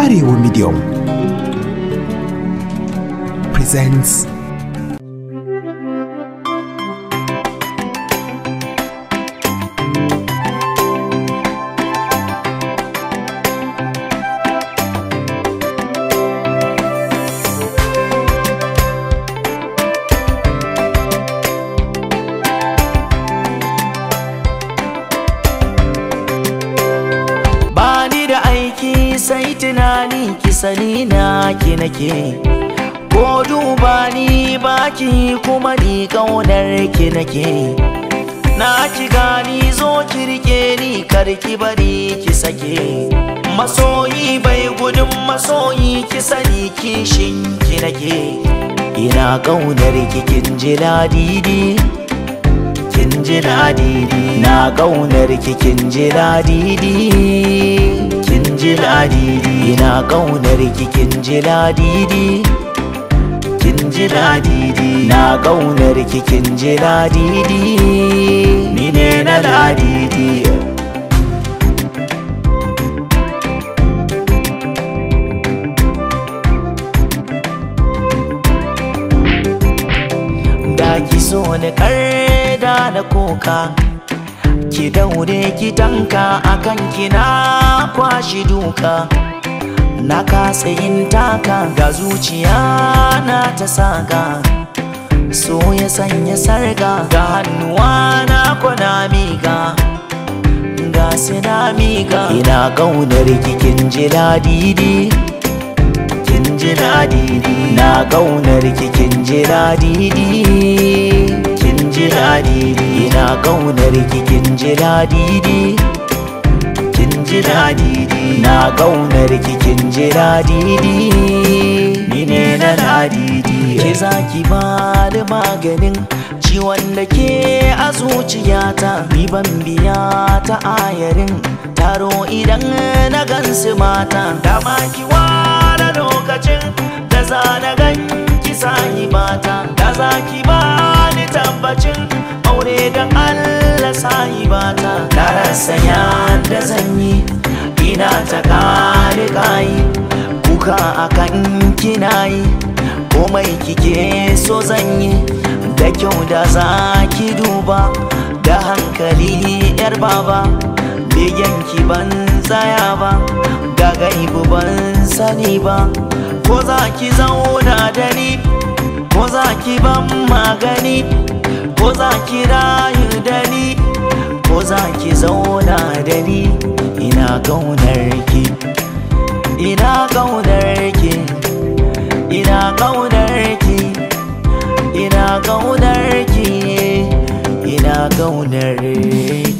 Ari Medium presents sai tunani ki sani na ki nake ko duba ni baki kuma ni kaunar ki nake na ki gani zo ki rike ni karki bari ki sake masoyi bai gudun masoyi ki sani kishin ki nake ina kaunar ki kin ji ladidi kin ji didi? na kaunar ki kin ji didi? ji ladidi ina kaunar ki kin ji ladidi kin na kaunar ki kin ji ladidi ni ne na ladidi da ki so ni kar da na koka ki daure ki tanka a akan na kwashi duka na kasa yin taka ga zuciya na ta saka so ya sanya sarga ga hannuwa na kwana miga ga na miga ina kaunar kikin jila didi kin didi na kaunar kikin jila didi kin jila didi ina kaunar kikin ji dadi kin ji na gaunar kin ji dadi ni ne na dadi ke zaki bani maganin ciwon da ke a zuciyata ni ban biya ta ayarin taro idan na gansu mata dama ki wala lokacin da za na gan ki sahi mata da za ki ba kina ta kare kayi kuka akan kina yi komai kike so zanyi yi da kyau da za ki duba da hankali yar baba begen ki ban tsaya ba da gaibu ban sani ba ko za ki zauna dani, ni ko za ki ban magani ko za ki rayu da ni ko za ki zauna dani. ƙaunarki ina ƙaunarki ina ki ina ki ina ƙaunarki